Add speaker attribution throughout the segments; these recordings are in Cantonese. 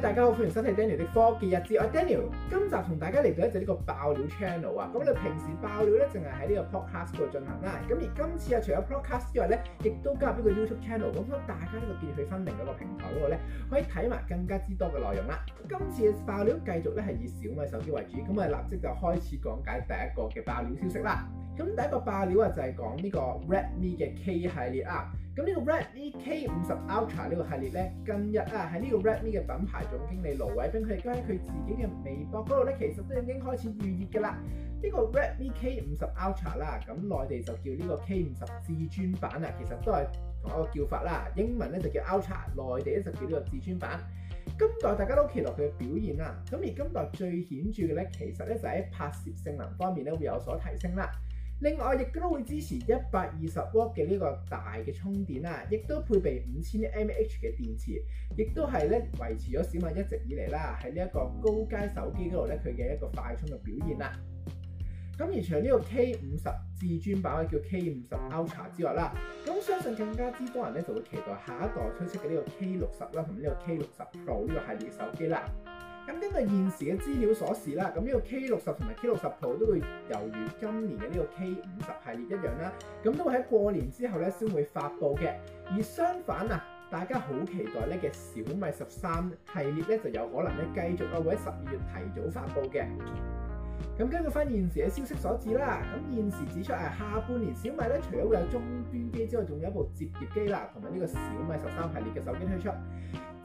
Speaker 1: 大家好，歡迎收睇 Daniel 的科技日誌。我係 Daniel，今集同大家嚟到一隻呢個爆料 channel 啊。咁、嗯、你平時爆料咧，淨係喺呢個 podcast 度進行啦。咁而今次啊，除咗 podcast 之外咧，亦都加入一個 YouTube channel、嗯。咁希望大家呢個見佢分明嗰個平台嗰度咧，可以睇埋更加之多嘅內容啦。今次嘅爆料繼續咧係以小米手機為主，咁我哋立即就開始講解第一個嘅爆料消息啦。咁、嗯、第一個爆料啊就係講呢個 Redmi 嘅 K 系列啊。咁呢個 Redmi K 五十 Ultra 呢個系列咧，近日啊喺呢個 Redmi 嘅品牌總經理盧偉冰佢哋都喺佢自己嘅微博嗰度咧，其實都已經開始預熱㗎啦。呢、這個 Redmi K 五十 Ultra 啦，咁內地就叫呢個 K 五十至尊版啊，其實都係同一個叫法啦。英文咧就叫 Ultra，內地咧就叫呢個至尊版。今代大家都期待佢嘅表現啦。咁而今代最顯著嘅咧，其實咧就喺、是、拍攝性能方面咧會有所提升啦。另外，亦都會支持一百二十 W 嘅呢個大嘅充電啦，亦都配備五千 mAh 嘅電池，亦都係咧維持咗小米一直以嚟啦喺呢一個高階手機嗰度咧佢嘅一個快充嘅表現啦。咁而除咗呢個 K 五十至尊版，叫 K 五十 Ultra 之外啦，咁相信更加之多人咧就會期待下一代推出嘅呢個 K 六十啦，同呢個 K 六十 Pro 呢個系列手機啦。咁根據現時嘅資料所示啦，咁呢個 K 六十同埋 K 六十 Pro 都會猶如今年嘅呢個 K 五十系列一樣啦，咁都會喺過年之後咧先會發布嘅。而相反啊，大家好期待咧嘅小米十三系列咧就有可能咧繼續啊會喺十二月提早發布嘅。咁根據翻現時嘅消息所指啦，咁現時指出係下半年小米咧除咗會有中端機之外，仲有一部折疊機啦，同埋呢個小米十三系列嘅手機推出。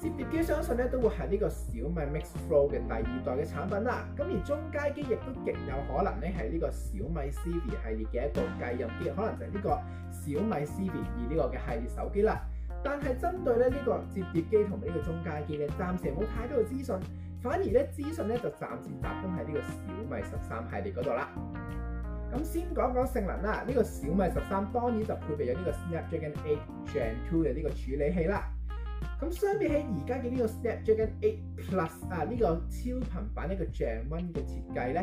Speaker 1: 折疊機相信咧都會係呢個小米 Mix Fold 嘅第二代嘅產品啦，咁而中階機亦都極有可能咧係呢個小米 Civi 系列嘅一部繼任機，可能就係呢個小米 Civi 二呢個嘅系列手機啦。但係針對咧呢個折疊機同埋呢個中階機咧，暫時冇太多嘅資訊，反而咧資訊咧就暫時集中喺呢個小米十三系列嗰度啦。咁先講講性能啦，呢個小米十三當然就配備咗呢個 Snapdragon 8 Gen 2嘅呢個處理器啦。咁相比起而家嘅呢個 Snapdragon Eight Plus 啊，呢、呢個超頻版呢個 Gen One 嘅設計呢，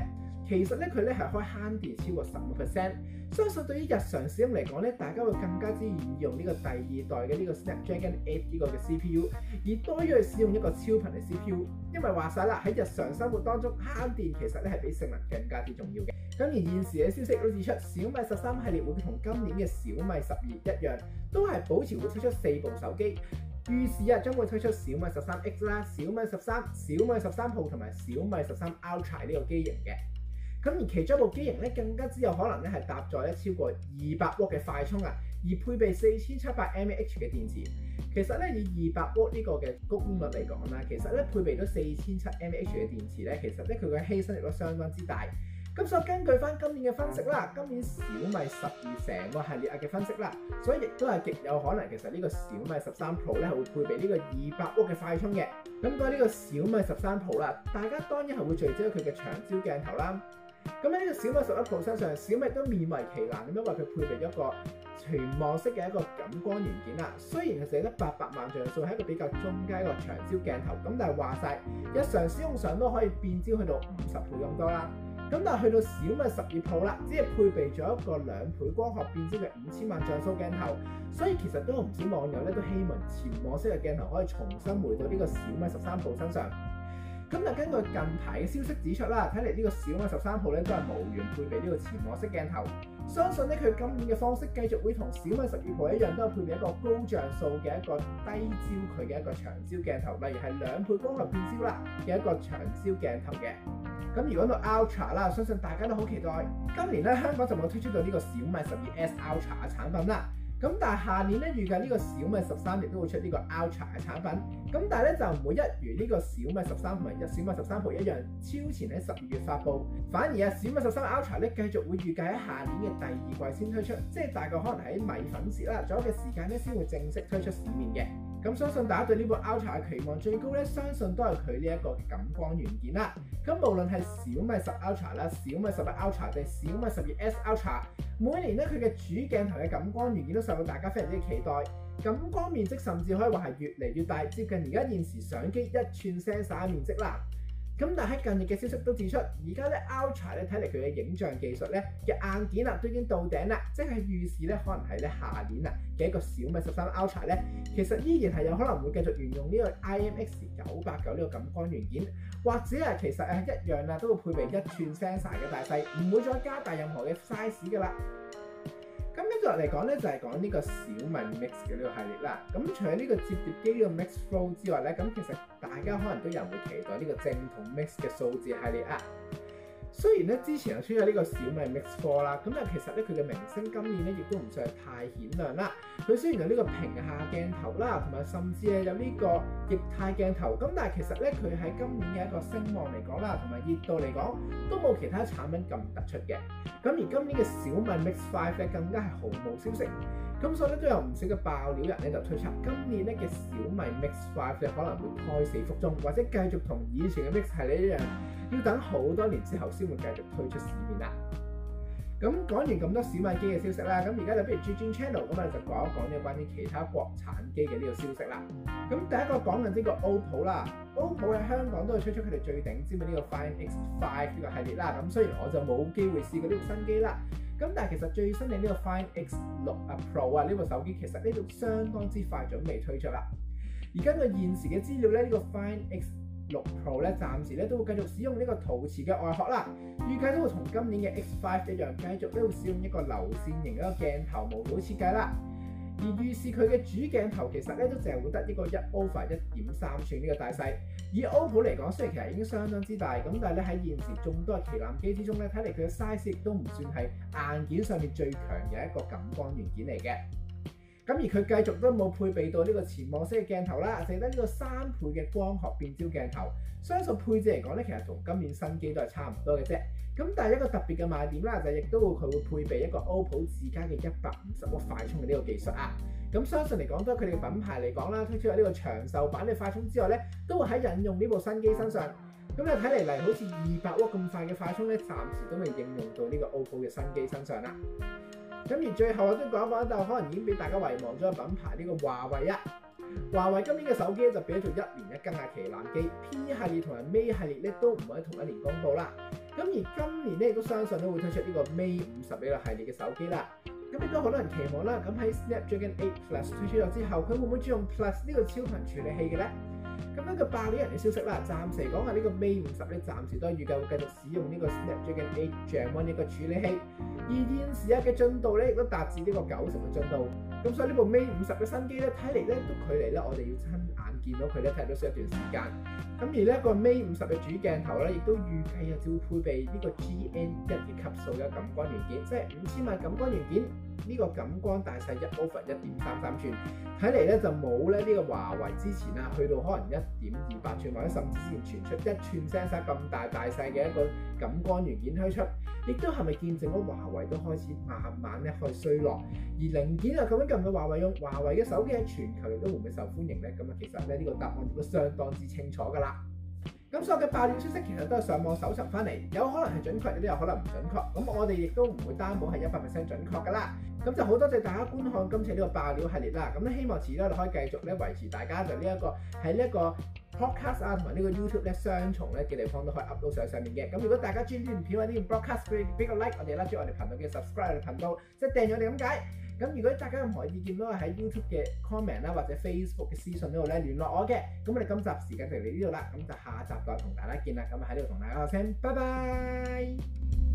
Speaker 1: 其實呢，佢呢係開慳電超過十五 percent。相信對於日常使用嚟講呢，大家會更加之願意用呢個第二代嘅呢個 Snapdragon Eight 呢個嘅 CPU，而多於去使用一個超頻嘅 CPU，因為話晒啦，喺日常生活當中慳電其實呢係比性能更加之重要嘅。咁而現時嘅消息都指出，小米十三系列會同今年嘅小米十二一樣，都係保持會推出，出四部手機。於是啊，將會推出小米十三 X 啦、小米十三、小米十三 Pro 同埋小米十三 Ultra 呢個機型嘅。咁而其中一部機型咧，更加之有可能咧係搭載咧超過二百 W 嘅快充啊，而配備四千七百 mAh 嘅電池。其實咧，以二百 W 呢個嘅功率嚟講啦，其實咧配備咗四千七 mAh 嘅電池咧，其實咧佢嘅犧牲力都相當之大。咁所以根據翻今年嘅分析啦，今年小米十二成個系列啊嘅分析啦，所以亦都係極有可能其實呢個小米十三 Pro 咧係會配備呢個二百瓦嘅快充嘅。咁講呢個小米十三 Pro 啦，大家當然係會聚焦佢嘅長焦鏡頭啦。咁喺呢個小米十一 Pro 身上，小米都勉為其難咁樣為佢配備咗一個潛望式嘅一個感光元件啦。雖然寫得八百萬像素係一個比較中間一個長焦鏡頭，咁但係話晒日常使用上都可以變焦去到五十倍咁多啦。咁但係去到小米十二 Pro 啦，只係配備咗一個兩倍光學變焦嘅五千萬像素鏡頭，所以其實都唔少網友咧都希望潛望式嘅鏡頭可以重新回到呢個小米十三 Pro 身上。咁就根據近排嘅消息指出啦，睇嚟呢個小米十三號咧都係無緣配備呢個潛望式鏡頭。相信咧佢今年嘅方式繼續會同小米十二 Pro 一樣，都係配備一個高像素嘅一個低焦距嘅一個長焦鏡頭，例如係兩倍光學變焦啦嘅一個長焦鏡頭嘅。咁如果到 Ultra 啦，相信大家都好期待今年咧香港就冇推出到呢個小米十二 S Ultra 嘅產品啦。咁但係下年咧預計呢個小米十三亦都會出呢個 Ultra 嘅產品，咁但係咧就唔會一如呢個小米十三 Pro 一小米十三 Pro 一樣超前喺十二月發布，反而啊小米十三 Ultra 呢繼續會預計喺下年嘅第二季先推出，即係大概可能喺米粉節啦左右嘅時間咧先會正式推出市面嘅。咁相信大家對呢部 Ultra 嘅期望最高咧，相信都係佢呢一個感光元件啦。咁無論係小米十 Ultra 啦、小米十一 Ultra 定小米十二 S Ultra，每年咧佢嘅主鏡頭嘅感光元件都受到大家非常之期待，感光面積甚至可以話係越嚟越大，接近而家現時相機一吋 sensor 嘅面積啦。咁但係喺近日嘅消息都指出，而家咧 Ultra 咧睇嚟佢嘅影像技術咧嘅硬件啊都已經到頂啦，即係預示咧可能係咧下年啊嘅一個小米十三 Ultra 咧，其實依然係有可能會繼續沿用呢個 IMX 九八九呢個感光元件，或者啊其實啊一樣啊都會配備一吋 sensor 嘅大細，唔會再加大任何嘅 size 噶啦。接落嚟講咧，就係講呢個小米 Mix 嘅呢個系列啦。咁除咗呢個摺疊機呢個 Mix Flow 之外咧，咁其實大家可能都有會期待呢個正統 Mix 嘅數字系列啊。雖然咧之前又出咗呢個小米 Mix Four 啦，咁啊其實咧佢嘅名聲今年咧亦都唔算係太顯亮啦。佢雖然有呢個屏下鏡頭啦，同埋甚至咧有呢個液態鏡頭，咁但係其實咧佢喺今年嘅一個聲望嚟講啦，同埋熱度嚟講，都冇其他產品咁突出嘅。咁而今年嘅小米 Mix Five 咧更加係毫無消息，咁所以咧都有唔少嘅爆料人咧就推測今年咧嘅小米 Mix Five 咧可能會胎死腹中，或者繼續同以前嘅 Mix 系列一樣，要等好多年之後。先會繼續推出市面啦。咁講完咁多小米機嘅消息啦，咁而家就不如 g 轉轉 channel，咁啊就講一講啲關於其他國產機嘅呢個消息啦。咁第一個講緊呢個 OPPO 啦了，OPPO 喺香港都係推出佢哋最頂尖嘅呢個 Find X Five 呢個系列啦。咁雖然我就冇機會試過呢部新機啦，咁但係其實最新嘅呢個 Find X 六啊 Pro 啊呢部、這個、手機，其實呢度相當之快準備推出啦。而根據現時嘅資料咧，呢、這個 Find X。六 Pro 咧，暫時咧都會繼續使用呢個陶瓷嘅外殼啦。預計都會同今年嘅 X Five 一樣，繼續都會使用一個流線型嘅一個鏡頭模組設計啦。而預示佢嘅主鏡頭其實咧都淨係會得一個一 over 一點三寸呢個大細。以 OPPO 嚟講，雖然其實已經相當之大，咁但係咧喺現時眾多嘅旗艦機之中咧，睇嚟佢嘅 size 都唔算係硬件上面最強嘅一個感光元件嚟嘅。咁而佢繼續都冇配備到呢個潛望式嘅鏡頭啦，剩低呢個三倍嘅光學變焦鏡頭。相信配置嚟講呢其實同今年新機都係差唔多嘅啫。咁但係一個特別嘅賣點啦，就係亦都會佢會配備一個 OPPO 自家嘅一百五十瓦快充嘅呢個技術啊。咁相信嚟講，都係佢哋嘅品牌嚟講啦，推出喺呢個長壽版嘅快充之外呢，都會喺引用呢部新機身上。咁啊睇嚟嚟好似二百瓦咁快嘅快充呢，暫時都未應用到呢個 OPPO 嘅新機身上啦。咁而最後我都講一講，就可能已經俾大家遺忘咗品牌呢、這個華為啊！華為今年嘅手機就變咗做一年一更嘅旗艦機 P 系列同埋 Mate 系列咧都唔會喺同一年公布啦。咁而今年咧都相信都會推出呢個 Mate 五十呢個系列嘅手機啦。咁亦都好多人期望啦，咁喺 Snapdragon 8 Plus 推出咗之後，佢會唔會再用 Plus 呢個超頻處理器嘅咧？咁呢個爆料人嘅消息啦，暫時嚟講係呢個 Mate 50，呢暫時都預計會繼續使用呢個 Snapdragon 8 Gen 1處理器，而現時嘅進度呢，亦都達至呢個九十嘅進度。咁所以呢部 Mate 五十嘅新機咧，睇嚟咧都距離咧我哋要親眼見到佢咧，睇到少一段時間。咁而咧個 Mate 五十嘅主鏡頭咧，亦都預計啊，就會配備呢個 GN 一嘅級數嘅感光元件，即係五千萬感光元件，呢、呢個感光大細一 over 一點三三寸，睇嚟咧就冇咧呢個華為之前啊，去到可能一點二八寸，或者甚至之前傳出一寸 sensor 咁大大細嘅一個感光元件推出，亦都係咪見證咗華為都開始慢慢咧開衰落，而零件啊咁樣。華為用華為嘅手機喺全球亦都會唔會受歡迎咧？咁啊，其實咧呢個答案亦都相當之清楚噶啦。咁所有嘅爆料消息其實都係上網搜索翻嚟，有可能係準確，亦都有可能唔準確。咁我哋亦都唔會擔保係一百 percent 準確噶啦。咁就好多謝大家觀看今次呢個爆料系列啦。咁希望遲啲我哋可以繼續咧維持大家就呢一個喺呢一個 podcast 啊同埋呢個 YouTube 咧雙重咧嘅地方都可以 up 到上上面嘅。咁如果大家千篇片啊啲 podcast 俾個 like 我哋啦，追我哋頻道嘅 subscribe 我哋頻道，即係訂咗我哋咁解。就是咁如果大家任何意見都係喺 YouTube 嘅 comment 啦，或者 Facebook 嘅私信嗰度咧聯絡我嘅，咁我哋今集時間就嚟呢度啦，咁就下集再同大家見啦，咁我喺呢度同大家講聲，拜拜。